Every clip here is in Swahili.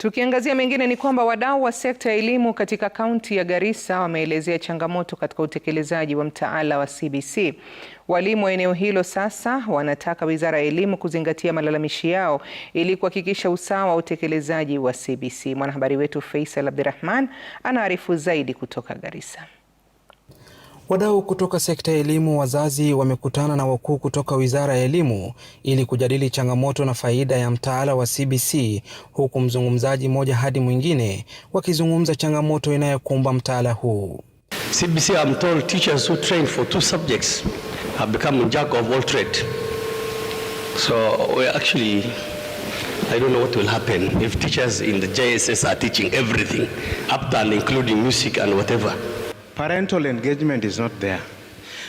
Tukiangazia mengine ni kwamba wadau wa sekta ya elimu katika kaunti ya Garissa wameelezea changamoto katika utekelezaji wa mtaala wa CBC. Walimu wa eneo hilo sasa wanataka Wizara ya Elimu kuzingatia malalamishi yao ili kuhakikisha usawa wa utekelezaji wa CBC. Mwanahabari wetu Faisal Abdirahman anaarifu zaidi kutoka Garissa. Wadau kutoka sekta ya elimu, wazazi wamekutana na wakuu kutoka Wizara ya Elimu ili kujadili changamoto na faida ya mtaala wa CBC, huku mzungumzaji mmoja hadi mwingine wakizungumza changamoto inayokumba mtaala huu. CBC I'm told teachers who train for two subjects have become jack of all So we actually I don't know what will happen if teachers in the JSS are teaching everything up to and including music and whatever. parental engagement is not there.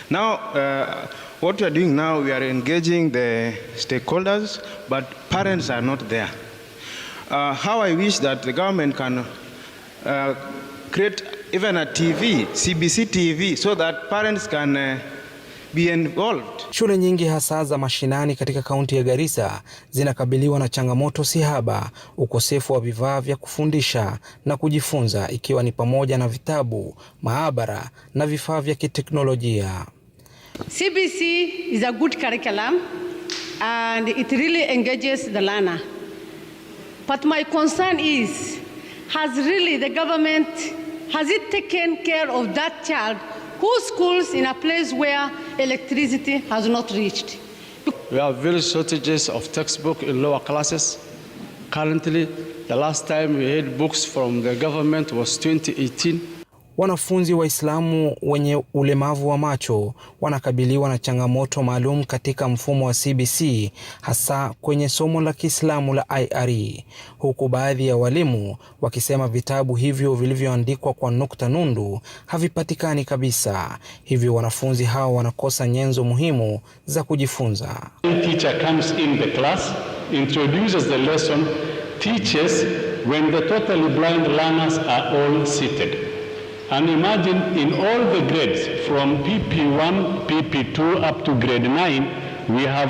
Now, uh, what we are doing now, we are engaging the stakeholders, but parents are not there. Uh, how I wish that the government can uh, create even a TV, CBC TV, so that parents can uh, be involved. Shule nyingi hasa za mashinani katika kaunti ya Garissa zinakabiliwa na changamoto sihaba, ukosefu wa vifaa vya kufundisha na kujifunza, ikiwa ni pamoja na vitabu, maabara na vifaa vya kiteknolojia. CBC is a good curriculum and it really engages the learner. But my concern is, has really the government, has it taken care of that child Who schools in a place where electricity has not reached? We have various shortages of textbook in lower classes. Currently, the last time we had books from the government was 2018. Wanafunzi Waislamu wenye ulemavu wa macho wanakabiliwa na changamoto maalum katika mfumo wa CBC hasa kwenye somo la Kiislamu la IRE, huku baadhi ya walimu wakisema vitabu hivyo vilivyoandikwa kwa nukta nundu havipatikani kabisa, hivyo wanafunzi hao wanakosa nyenzo muhimu za kujifunza. When the totally blind learners are all seated. And imagine in all the grades from PP1, PP2 up to grade 9, we have